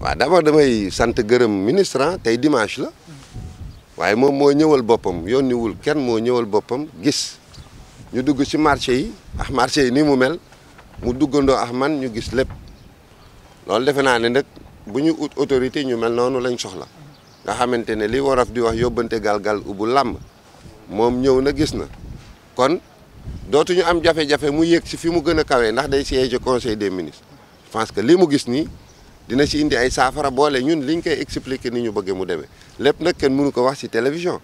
waaw d'abord damay sant gërëm ministrant ah, tey dimanche la waaye moom moo ñëwal boppam yónniwul kenn moo ñëwal boppam gis ñu dugg ci marché yi ak ah, marché yi ni mu mel mu duggandoo ak man ñu gis lépp loolu defe naa ne nag bu ñu ut autorité ñu mel noonu lañ soxla nga xamante ne li worof di wax yóbbante galgal ubu làmb moom ñëw na gis na kon dootuñu am jafe-jafe mu yéeg si fi mu gën a kawee ndax day siège conseil des ministres parce que lii mu gis nii dina si indi ay saafara boole ñun liñ koy expliquer ni ñu bëggee mu demee lépp nag kenn mënu ko wax si télévision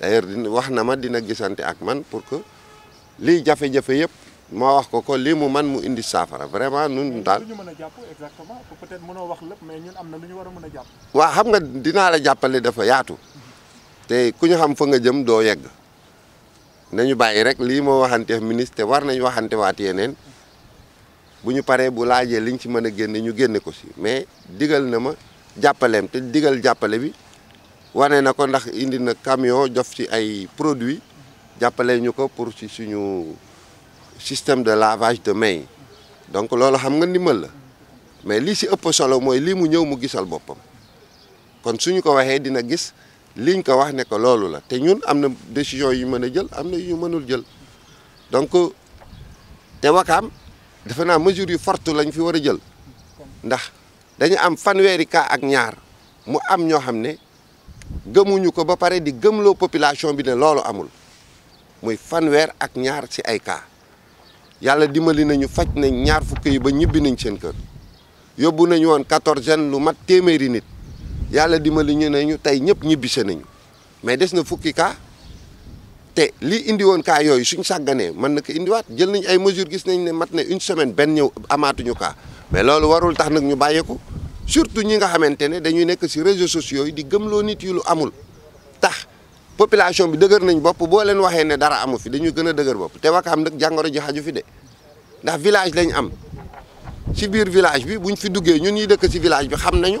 d'ailleurs dina wax na ma dina gisante ak man pour que lii jafe-jafe yëpp ma wax ko ko lii mu man mu indi saafara vraiment ñun daal ñu mën a jàpp peut-être mënoo wax lépp mais ñun am na lu ñu war a mën a jàpp waaw xam nga dinaa la jàppale dafa yaatu te ku ñu xam fa nga jëm doo yegg nañu bàyyi rek lii moo waxante ministre war nañu waxante waat yeneen bu ñu paree bu laajee liñ ci mën a génne ñu génne ko si mais digal na ma jàppaleem te digal jàppale bi wane na ko ndax indi na camion jof ci ay produits jàppale ñu ko pour ci suñu système de lavage de mains donc loolu xam nga ndimbal la mais lii si ëpp solo mooy lii mu ñëw mu gisal boppam kon suñu ko waxee dina gis liñ ko wax ne ko loolu la te ñun am na décision yu mën a jël am na yu mënul jël donc te wakaam defe naa mesures yu forte lañ fi war a jël ndax dañu am fanweeri kaa ak ñaar mu am ñoo xam ne gëmuñu ko ba pare di gëmloo population bi ne loolu amul muy fanweer ak ñaar ci ay kaa yàlla dimbali nañu faj nañ ñaar fukk yi ba ñibbi nañ seen kër yóbbu nañu woon quatorzaine lu mat téeméeri nit yàlla dimbali ñu ne ñu tey ñëpp ñibbise nañu mais des na fukki cas te lii indi woon cas yooyu suñ sàgganee mën na ko indiwaat jël nañ ay mesures gis nañ ne mat na une semaine benn ñëw amaatuñu cas mais loolu warul tax nag ñu bàyyeeku surtout ñi nga xamante ne dañuy nekk ci réseaux sociaux yi di gëmloo nit yu lu amul tax population bi dëgër nañ bopp boo leen waxee ne dara amu fi dañuy gën a dëgër bopp te am nag jàngoro ji xaju fi de ndax village lañ am ci biir village bi buñ fi duggee ñun ñi dëkk ci village bi xam nañu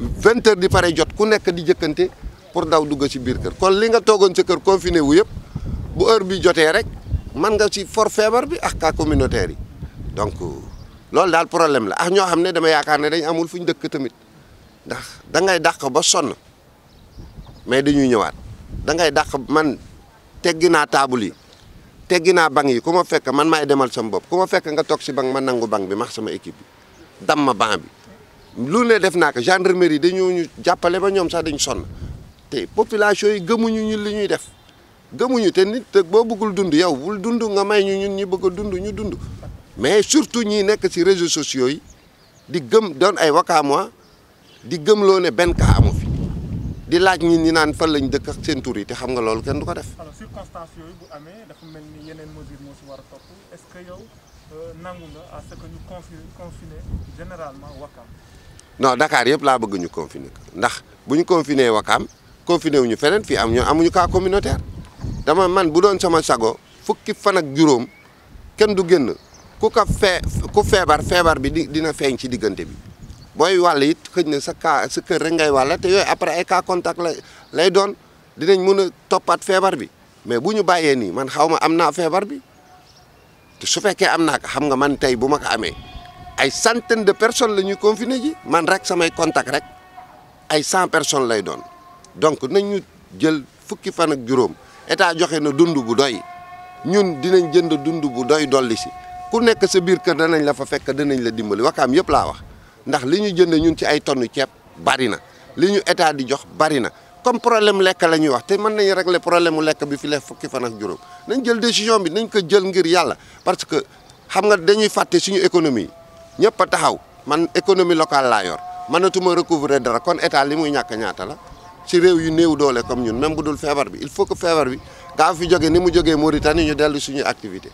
vingt heures di pare jot ku nekk di jëkkante pour daw dugg ci biir kër kon li nga toogoon sa kër confiné wu yëpp bu heure bi jotee rek man nga ci for feebar bi ak cas communautaire yi donc loolu daal problème la ak ñoo xam dama yaakaar ne dañ amul fu ñu dëkk tamit ndax da ngay dàq ba sonn mais dañuy ñëwaat da ngay dàq man teggi naa yi teggi naa yi ku ma fekk man maay sama fekk nga nangu bi max sama équipe bi bi lu ne def naa ko gendarmerie dañoo ñu jàppale ba ñoom sax dañu sonn te population yi gëmuñu ñu li ñuy def gëmuñu te nit boo bëggul dund yow wul dund nga may ñu ñun ñu bëgg a dund ñu dund mais surtout ñi nekk ci réseaux sociaux yi di gëm doon ay wakaamois di gëm loo ne benn cas amu fi di laaj ñi ñi naan fan lañ dëkk ak seen tur yi te xam nga loolu kenn du ko def. alors circonstances mel ni yeneen mesures moo war a topp est-ce que yow. nangu dakaar à yëpp laa bëgg ñu confiner ndax bu ñu confiner Wakaam confiner wu ñu feneen fii am ñu amuñu cas communautaire dama man bu doon sama sago fukki fan ak juróom kenn du génn ku ko fee ku feebar feebar bi di dina feeñ ci diggante bi booy wàll it xëj na sa cas sa kër rek ngay wàll te yooyu après ay cas contact la lay doon dinañ mën a toppaat feebar bi mais bu ñu bàyyee nii man xaw ma am naa feebar bi. te su fekkee am naa ko xam nga man tey bu ma ko amee ay centaine de personnes la ñuy confiné ji man rek samay contact rek ay cent personne lay doon donc nañu jël fukki fan ak juróom état joxe na dund bu doy ñun dinañ jënd dund bu doy dolli si ku nekk sa biir kër danañ la fa fekk danañ la dimbali wakaam yëpp laa wax ndax li ñu jënd ñun ci ay tonnes ceeb bari na li ñu état di jox bari na comme problème lekk la ñuy wax te mën nañu régler problème mu lekk bi fi lee fukki fan ak juróom nañ jël décision bi nañ ko jël ngir yàlla parce que xam nga dañuy fàtte suñu économie ñëpp a taxaw man économie locale laa yor mënatuma recouvrer dara kon état li muy ñàkk ñaata la ci réew yu néew doole comme ñun même bu dul feebar bi il faut que feebar bi gaaw fi joge ni mu jógee Mauritanie ñu dellu suñu activité